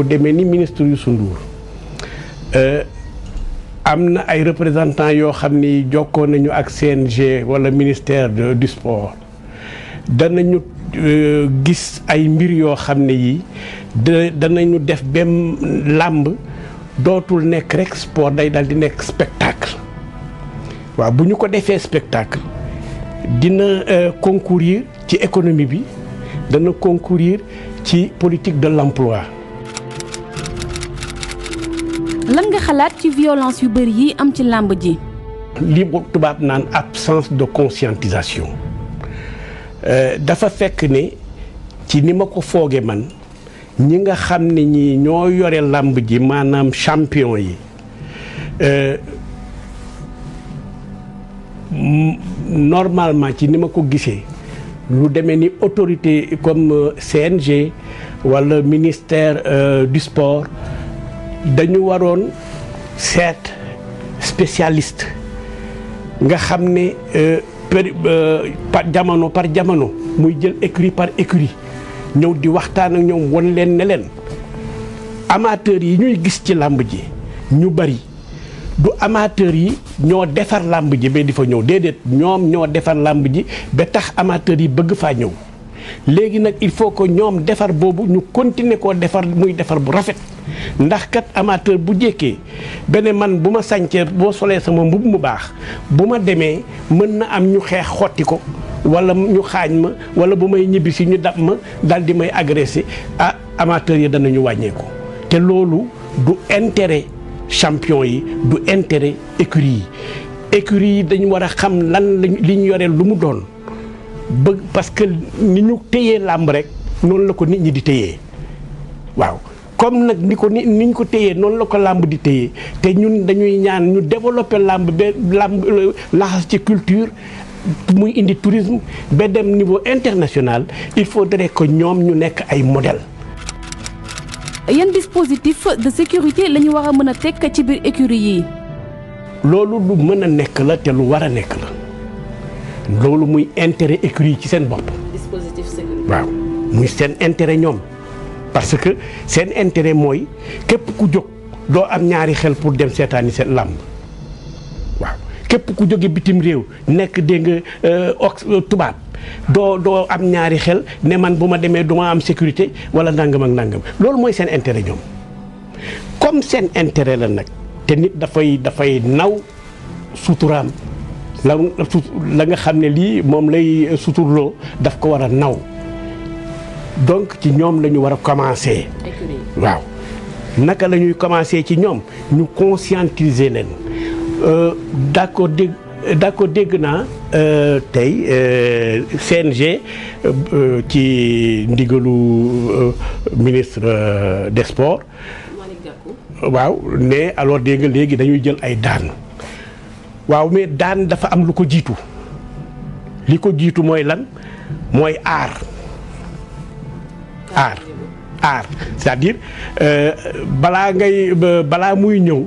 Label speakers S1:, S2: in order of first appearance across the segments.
S1: ku demee ni ministre Youssou Ndour euh, am na ay représentants yoo xam ni jokkoo nañu ak CNG wala ministère du sport danañu euh, gis ay mbir yoo xam ne yi ñu def benn làmb dootul nekk rek sport day dal di nekk spectacle waaw bu ñu ko defee spectacle dina euh, concourir ci économie bi dana concourir ci politique de l'emploi
S2: lan nga xalaat ci violence yu bëri yi am ci làmb ji.
S1: li bu tubaab naan absence de conscientisation euh, dafa fekk ne ci ni ma ko fooge man ñi nga xam ne ñi ñoo yore làmb ji maanaam champion yi euh, normalement ci ni ma ko gisee lu demee ni autorité comme euh, CNG walla ministère du sport dañu waroon seet spécialiste nga xam ne euh, euh, par jamono par jamono muy jël écurie par écurie ñëw di waxtaan ak ñoom won leen ne leen amateurs yi ñuy gis ci làmb ji ñu bari du amateurs yi ñoo defar làmb ji ba di fa ñëw déedéet ñoom ñoo defar làmb ji ba tax amateurs yi bëgg faa ñëw léegi nag il faut que ñoom defar boobu ñu continuer koo defar muy defar bu rafet ndax kat amateur bu jékkee beneen man bu ma sàncee boo solee sama mbub mu baax bu ma demee mën na am ñu xeex xotti ko walla ñu xaañ ma wala bu may ñibbisi ñu dab ma dal di may agressé ah amateur yi danañu wàññeeku te loolu du intérêt champion yi du intere écurie yi écurie yi dañu war a xam lan lañ li ñu yore lu mu doon bëgg parce que ni ñu téyee làmb rek noonu la ko nit ñi di téyee waaw comme nag ni ko ni niñ ko téyee noonu la ko làmb di téyee te ñun dañuy ñaan ñu développer làmb be làmb euh, laxas ci culture muy indi tourisme ba dem niveau international il faut faudrait que ñoom ñu nekk ay modèle yan
S2: dispositif de sécurité la ñu war a mën a teg ci biir écurie yi.
S1: loolu lu mën a nekk la te lu war a nekk la loolu muy intérêt écurie yi ci seen bopp.
S3: dispositif sécurité
S1: waaw muy seen intérêt ñoom. parce que seen intérêt mooy képp ku jóg doo am ñaari xel pour dem seetaani seen làmb waaw képp ku jóge bitim réew nekk dégg nga euh, ox euh, tubaab doo doo am ñaari xel ne man bu ma demee du ma am sécurité wala nangam ak nangam loolu mooy seen intére ñoom comme seen intére la nag te nit dafay dafay naw suturaam la la nga xam ne lii moom lay euh, suturloo daf ko war a naw donc ci ñoom la ñu war a commencer. waaw naka la ñuy commencer ci ñoom ñu conscientiser leen euh, d'accord dégg d'accord dégg naa euh, tey euh, CNG ci ndigalu ministre des sports. waaw ne alors dégg nga léegi dañuy jël ay daan waaw mais daan dafa am lu ko jiitu li ko jiitu mooy lan mooy aar. aar aar c'est-à-dire euh, balaa ngay balaa muy ñëw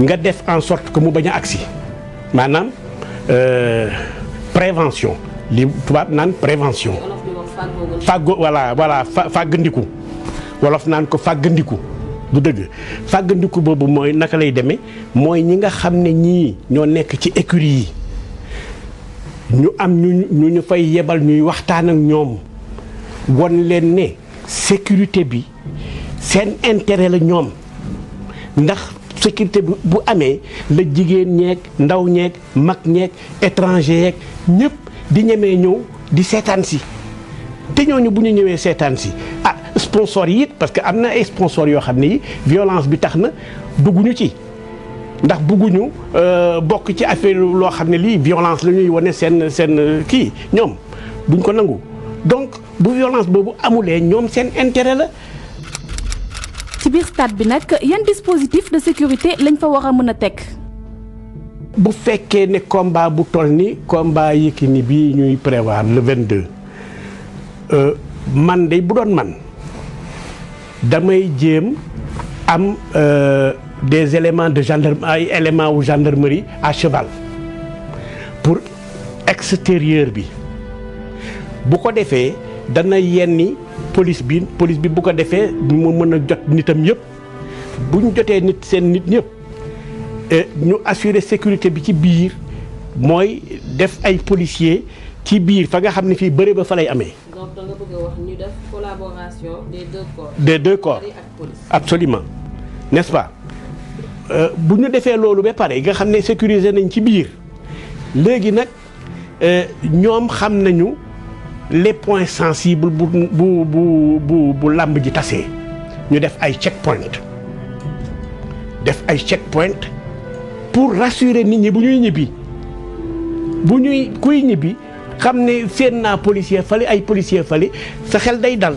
S1: nga def en sorte que mu bañ a agsi maanaam euh, prévention li tubaab naan prévention fàggo voilà voilà fàggandiku wolof naan ko fàggandiku du dëgg fàggandiku boobu mooy naka lay demee mooy ñi nga xam ne ñii ñoo nekk ci écurie yi ñu am ñu ñu ñu fay yebal ñuy waxtaan ak ñoom won leen ne sécurité bi seen intérêt la ñoom ndax sécurité bi bu amee la jigéen ñeek ndaw ñeeg mag ñeeg étranger yeeg ñëpp di ñemee ñëw di seetaan si te ñooñu bu ñu ñëwee seetaan si ah sponsor yi parce que am na ay sponsor yoo xam ne yi violence bi tax na dugguñu ci ndax bugguñu euh, bokk ci affaire loo xam ne lii violence lañuy wane seen seen kii ñoom duñ ko nangu donc bu violence boobu amulee ñoom seen intéret la.
S2: ci biir stade bi nag yan dispositif de sécurité lañ fa war a mën a teg.
S1: bu fekkee ne combat bu toll ni combat Yékini bii ñuy prévoir le 22 euh, man de bu doon man damay jéem am euh, des éléments de gendarme ay éléments wu gendarmerie à cheval pour extérieur bi. bu ko defee dana yenni police bi police bi bu ko defee mu mën a jot nitam yëpp bu ñu jotee nit seen nit ñëpp eh, ñu assurer sécurité bi ci biir mooy def ay policiers ci biir fa nga xam ne fii bëri ba fa lay amee.
S3: donc da des deux corps. des deux corps
S1: absolument euh, bu ñu defee loolu ba pare nga xam ne sécuriser nañ ci biir léegi nag euh, ñoom xam nañu. les points sensibles bu bu bu bu bu làmb ji tasee ñu def ay check point def ay check point pour rassurer nit ñi bu ñuy ñibbi bu ñuy kuy ñibbi xam ne seen naa policier fale ay policier fale sa day dal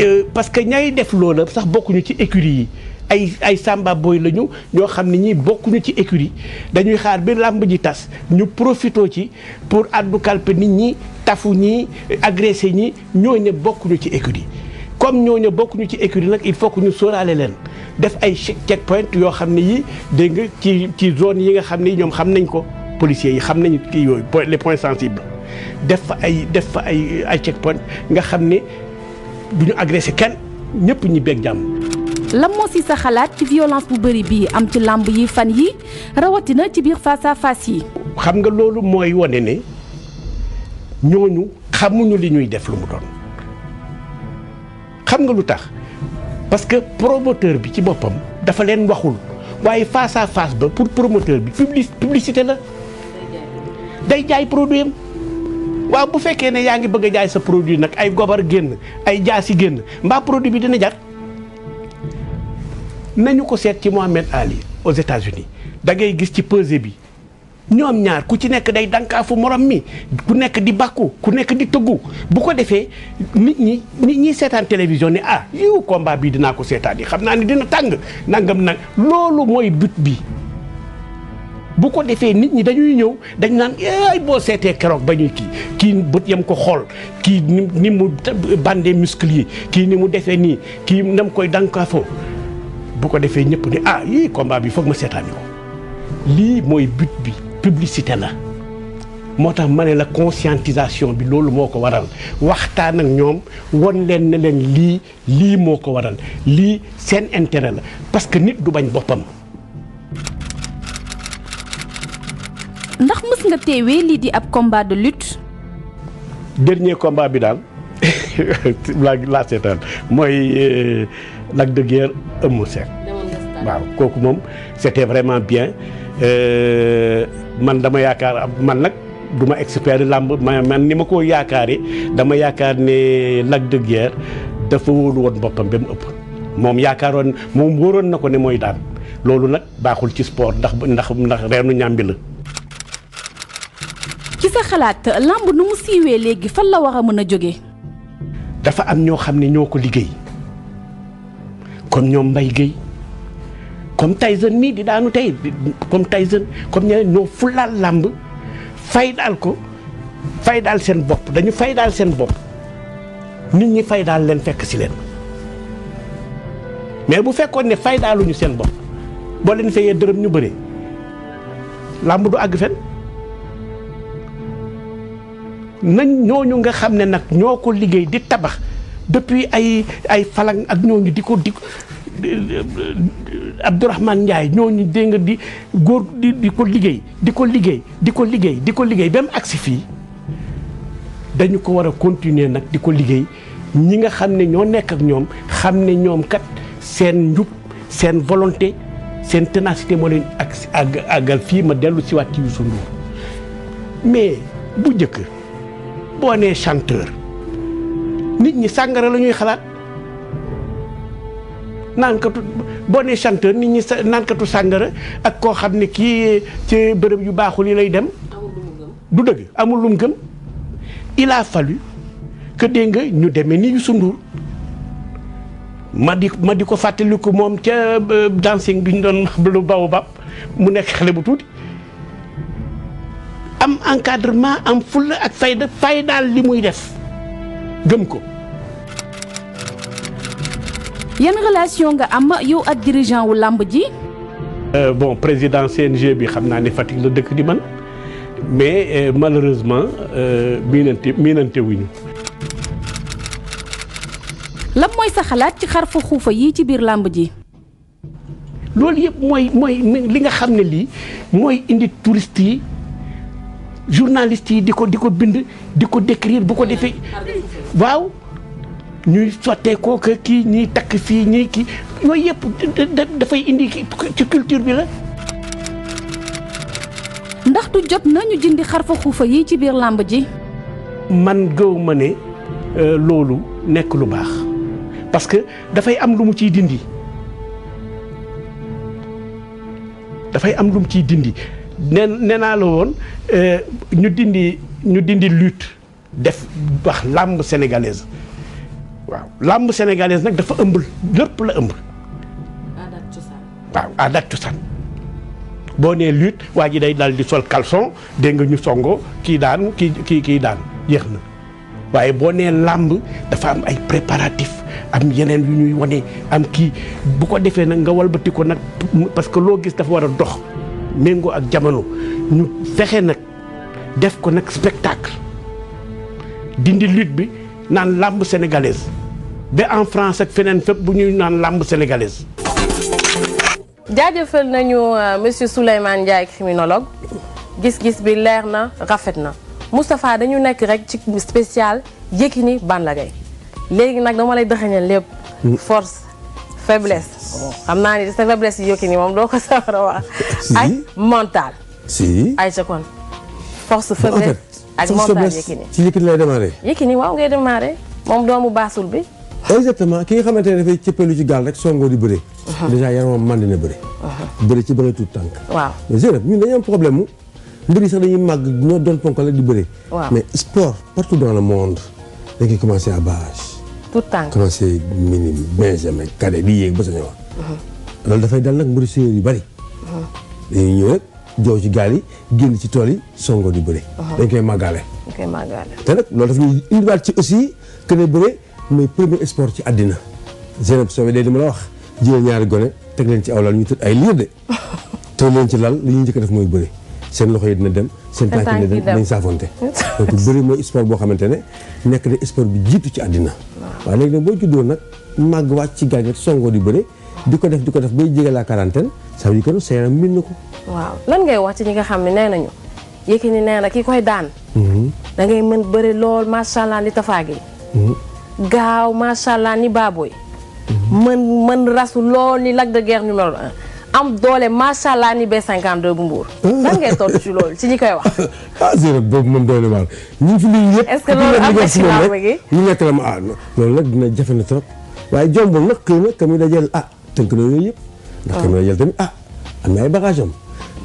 S1: euh, parce que ñay def loola sax bokkuñu ci écurie yi ay ay samba boy la ñoo xam ne ñii bokkuñu ci écurie dañuy xaar bi làmb ji tas ñu profitoo ci pour addu kalpe nit ñi tafu ñi agressé ñi ñoo ne bokkuñu ci écurie comme ñoo ne bokkuñu ci écurie nag il faut que ñu sóoraale leen def ay check point yoo xam ne yi dégg nga ci ci zone yi nga xam ne ñoom xam nañ ko policiers yi xam nañu kii yooyu les points sensibles def fa ay def fa ay ay check point nga xam ne du ñu agressé kenn ñëpp ñi beeg jàmm
S2: lan sa xalaat ci violence bu bëri bii am ci làmb yi fan yi rawatina ci biir face à yi.
S1: xam nga loolu mooy wane ne ñooñu xamuñu li ñuy def lu mu doon xam nga lu tax parce que promoteur bi ci boppam dafa leen waxul waaye face à ba pour promoteur bi publi publicité la day jaay produit am waaw bu fekkee ne yaa ngi bëgg a jaay sa produit nag ay gobar génn ay jaasi génn mbaa produit bi dina jar. nañu ko seet ci Mohamed Ali aux États-Unis da ngay gis ci pesée bi ñoom ñaar ku ci nekk day dankaafu morom mi ku nekk di bakku ku nekk di tëggu bu ko defee nit ñi nit ñi seetaan télévision ne ah yiw combat bii dinaa ko seetaan yi xam naa ne dina tàng nangam nag loolu mooy but bi bu ko defee nit ñi dañuy ñëw dañ naan ay boo seetee keroog ba ñuy kii kii bët yem ko xool kii ni mu bandee muscle kii ni mu defee nii kii nam koy dankaafoo bu ko defee ñëpp ne ah yii combat bi foog ma seetaani ko lii mooy but bi publicité la moo tax ma ne la conscientisation bi loolu moo ko waral waxtaan ak ñoom won leen ne lii lii moo ko waral lii seen intérêt la parce que nit du bañ boppam.
S2: ndax mës nga teewee lii di ab combat de lutte.
S1: dernier combat bi daal laa laa seetaan mooy. Euh, Lac de Guiers Eumeu waaw kooku moom c'était vraiment bien euh, man dama yaakaar man nag du ma expert làmb ma man ni ma ko yaakaaree dama yaakaar ne Lac de dafa wóolu woon boppam ba mu ëpp moom yaakaaroon moom wóoroon na ko ne mooy daan loolu nag baaxul ci sport ndax ndax ndax reenu ñàmbi la
S2: ci sa xalaat làmb nu mu siiwee léegi fan la wax
S1: a mën a jóge dafa am ñoo xam ne ñoo ko liggéey kon ñoom Mbaye Guèye comme Tyson mii di daanu tey comme Tyson comme ñeneen ñoo ful fulaal làmb fay faydaal ko daal seen bopp dañu fay daal seen bopp nit ñi daal leen fekk si leen mais bu fekkoon ne faydaaluñu seen bopp boo leen fayee dërëm ñu bëri làmb du àgg fen nañ ñooñu nga xam ne nag ñoo ko liggéey di tabax depuis ay ay falang ak ñooñu di ko di Abdourahmane Ndiaye ñooñu dégg nga di góor di ko liggéey di ko liggéey di ko liggéey di ko liggéey ba mu agsi fii dañu ko war a continuer nag di ko liggéey ñi nga xam ne ñoo nekk ak ñoom xam ne ñoom kat seen njub seen volonté seen ténacité moo leen ak àggal fii ma dellu si waat ci Youssou mais bu njëkk boo nee chanteur nit ñi sàngara la ñuy xalaat naankatu boo nee chanteur nit ñi sa naankatu sàngara ak koo xam ne kii ci bërëb yu baaxul yi lay dem. du dëgg amul lum gëm il a fallu nga ñu demee ni Youssou Ndour ma di ma di ko fàttaliku moom ca euh, dancing bi ñu doon lu ba mu nekk xale bu tuuti am encadrement am fulla ak fayda faydaal li muy def gëm ko yan relation
S2: nga am yow ak dirigeant wu làmb ji.
S1: Euh, bon président CNG bi xam naa ne Fatick la dëkk di man mais euh, malheureusement euh, miinante miinante wuñu
S2: lan mooy sa xalaat ci xarfa xuufa yii ci biir làmb
S1: ji. loolu yëpp mooy mooy li nga xam ne lii mooy indi touriste yi journaliste yi di ko di ko bind di ko décrire bu ko defee waaw. ñuy sottee koo que kii ñiy takk fii ñii kii yooyu yëpp dafay indi ci culture bi la.
S2: ndax du jot nañu jëndi xarfa xuufa yi ci biir làmb ji.
S1: man gëw ne euh, loolu nekk lu baax parce que dafay am lu mu ciy dindi dafay am lu mu ciy dindi nee nee la woon euh, ñu dindi ñu dindi lute def wax làmb sénégalaise. waaw làmb sénégalaise nag dafa ëmb lépp la ëmb. aada waaw aada cosaan boo nee lut waa ji day dal di sol caleçon dégg nga ñu songo kii daan kii kii kii daan jeex na waaye boo nee làmb dafa am ay préparatifs am yeneen yu ñuy wane am kii bu ko defee nag nga walbati ko nag parce que loo gis dafa war a dox méngoo ak jamono ñu fexe nag def ko nag spectacle dindi lutte bi naan làmb sénégalaise ba en France ak feneen fépp bu ñuy naan làmb sénégalaise.
S3: jaajëfal nañu euh, monsieur Souleymane Ndiaye criminologue gis-gis bi leer na rafet na Moustapha dañu nekk rek ci spécial Yékini Balla Gaye léegi nag dama lay dëxëñal lépp. Hmm. force faiblesse. xam naa ni sa faiblesse Yékini moom doo ko sawar a wax. ak mental. ay sa kon force faiblesse ak mental Yékini.
S4: ci Yékini lay démarré.
S3: Yékini waaw ngay démarré moom doomu baasul bi.
S4: exactement ki nga xamante ne dafay cëppeelu ci gaal rek songoo di bëre. Uh-huh. dèjà yaramam a na bëre. Uh-huh. bëre ci bëre tuut tànk. waaw mais Zeynab ñun dañu am problème mu mbir yi sax dañuy màgg ñoo doon ponkal rek di bëre. mais sport partout yéeg ba sa ñëwaat. Uh-huh. loolu dafay dal nag mbiru séeréer yu bari. dañuy ñëw joow ci gaal yi génn ci tool yi songoo di bëre. dañ koy màggaale. dañ koy te nag loolu daf ñuy indiwaat ci aussi que ne bëre. mooy premier sport ci àddina Zeynab Soobe day dama la wax jël ñaari gone teg leen ci aw lal ñu tëdd ay liir de teg leen ci lal li ñuy njëkk a def mooy bëri seen loxo yi dina dem seen tànk yi dina dem nañ saafonte donc bëri mooy sport ne nekk na sport bi jiitu ci àddina waaw léegi nag boo juddoo nag màgg ci gàññat songoo di bëri di ko def di ko def bay jege la quarantaine ça veut dire que sa yaram min na ko
S3: waaw lan ngay wax ci ñi nga xam ne nee nañu Yékini nee na ki koy daan mhm. da ngay mën bëri lool macha a li tafaagi mhm. gaaw macha allah ni baabooy mën mën rasu lool ni Lac de Guiers numéro un am doole macha ni be cinquante bu mbuur lan ngay tontu ci
S4: loolu ci ñi koy wax. ah si boobu moom doy na ce que loolu am na ci làmb gi nekk la ma ah loolu nag dina jafe na trop waaye jombul nag xëy na kami dajeel ah tënk na yooyu yëpp. ndax kami dajeel tamit ah am na ay bagage am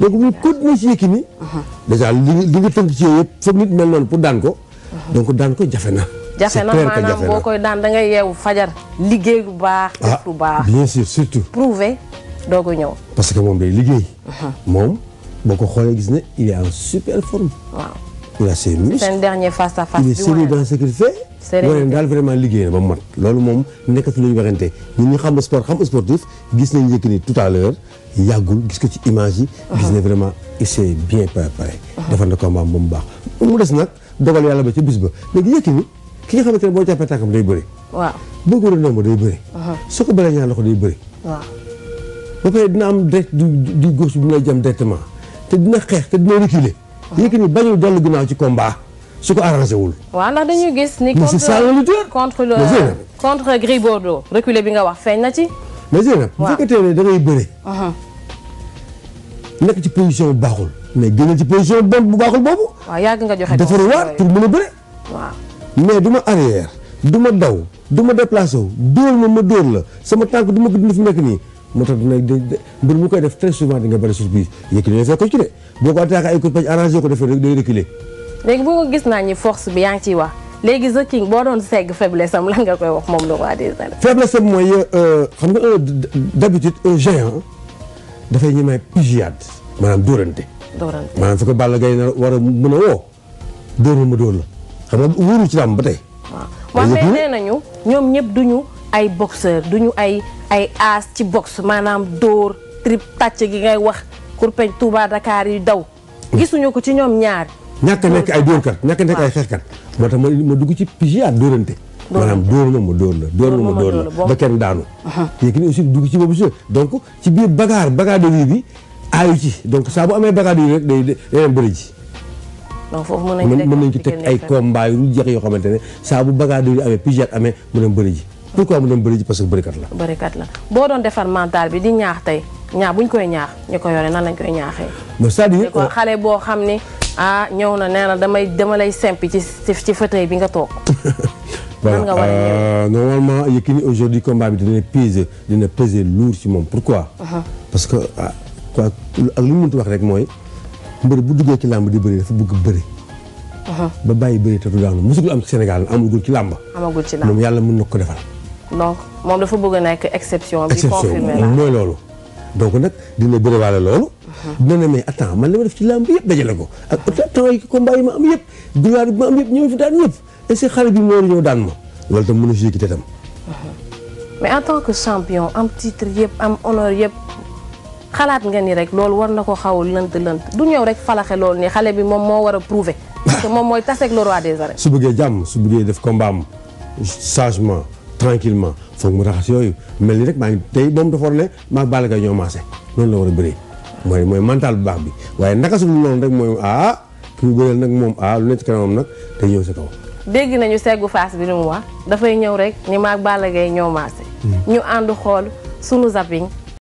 S4: donc bu ñu continuer ci Yékini. Uh-huh. dèjà li nga tënk ci yooyu yëpp foog nit mel noonu pour daan ko. Uh-huh. donc daan ko jafe na.
S3: jafe na maanaam boo koy daan da ngay yeewu fajar liggéey lu baax. def ah, lu baax
S4: bien sûr surtout.
S3: prouver doo ko ñëw.
S4: parce que moom day liggéey. Mhm. moom boo ko xoolee gis ne il est en super forme. il a ses muscles. seen
S3: dernier face à il est sérieux dans
S4: ce qu'il fait. sérieux daal vraiment liggéey na ba mu loolu moom nekkatu lu ñu waxante ñun ñu xam sport xam sportif gis nañu njëkk ni tout à l'heure yàggul gis ko ci image yi. Mhm. gis ne vraiment il s'est bien préparé. Mhm. defar na combat baax mu des nag dogal yàlla ba ca bis ba léegi yëkk ni ki nga xamante ne boo jàppee tànkam day bëri. waaw boo ko doon day bëri. soo ko balee ñaar loxo day bëri. waaw ba pare dina am direct du du gauche bi te dina xeex te dina reculer. Yékini ginnaaw ci combat su ko arrangé waa
S3: waaw ndax dañu gis ni. contre contre Gris Bordeaux. reculer bi nga wax feeñ na ci.
S4: mais a bu fekkee ne da ngay bëri. nekk ci position bu baaxul. mais génn ci position bu baaxul boobu.
S3: nga joxe dafa war pour mën
S4: a bëri. mais du ma arrière du ma daw du ma déplacé wu dóor ma ma dóor la sama tànk du ma ko dund nekk nii moo tax dina mbir mu koy def très souvent di bi yëkkati ne fekk ko ci de boo ko attaqué ko defee rek day reculer.
S3: léegi gis naa ni force bi yaa ngi ciy wax léegi The King boo doon segg faiblesse am lan nga koy wax moom le roi des arènes.
S4: faiblesse am mooy euh, xam nga euh, d'habitude un dafay ñemee pigiade dóorante. dóorante maanaam fi ko Balla Gaye war a mën a woo dóor ma ma dóor la. xam nga wóoru ci làmb ba tey. waaw mais nee
S3: nañu ñoom ñëpp duñu ay boxeur duñu ay ay aas ci boxe maanaam dóor trip gi ngay wax kurpeñ Touba Dakar yu daw. Mm. gisuñu ko ci ñoom ñaar.
S4: ñàkk nekk ay dóorkat ñàkk nekk ay xeexkat moo tax ma dugg ci pigiat dóorante maanaam dóor ma ma dóor la dóor ma ma dóor la ba kenn daanu Yékini aussi dugg ci boobu si donc ci biir bagaar bagaar de bi aayu ci donc saa bu amee bagaar de rek day day bëri ji
S3: donc foofu mën nañu mën nañu ci teg ay combat
S4: yu jeex yoo xamante ne saa bu bagaado amee pigeat amee mu dem bëri ji pourquoi mu dem bëri parce que bërikat
S3: la boo doon defar mental bi di ñaax tey ñaax buñ koy ñaax ñu ko yore nan lañ koy ñaaxee
S4: c'est-à-dire ko euh,
S3: boo xam ni ah ñëw na nee na damay dama lay simpi ci ci fauteuil bi nga toog
S4: voilà euh, normalement Yékini aujourd'hui combat bi dina peser dina peser lourd ci moom pourquoi uh parce que ah quoi ak lu mu mënti wax rek mooy mbër bu duggee ci làmb di bëri dafa bëgg bëri ba bàyyi bëri te du daanu mosul am Sénégal amagul ci làmb
S3: amagul ci làmb moom
S4: yàlla mun na ko defal
S3: donc moom dafa bëgg a nekk exception bi
S4: confirmé la mooy loolu donc nag dina bëri waale loolu mhm. dina ne mais attends man li ma def ci làmb yëpp dajale ko ak temps yi combat yi ma am yëpp gloire bi ma am yëpp ñoo fi daan ñëpp bi moo ñëw daan ma loolu tam mën a mhm.
S3: mais en tant que champion am titre yëpp am honneur yëpp xalaat nga ni rek loolu war na ko xaw lënt lënt du ñëw rek falaxe loolu ni xale bi moom moo war a prouver parce moom mooy taseeg le roi des arènes
S4: su bëggee jàmm su bëggee def combat am sagement tranquillement foog mu raxas yooyu mel ni rek maa ngi tey moom dafa war ne maa ngi Balla Gaye ñoo maase mooy mooy mental bu baax bi waaye naka su dul rek mooy ah ki mu bëreel nag moom ah lu nekk ci kanamam nag day ñëw sa kaw
S3: dégg nañu seggu faas bi lu mu wax dafay ñëw rek ni maag Balla ñëw ñoo maase hmm. ñu ànd xool sunu zapping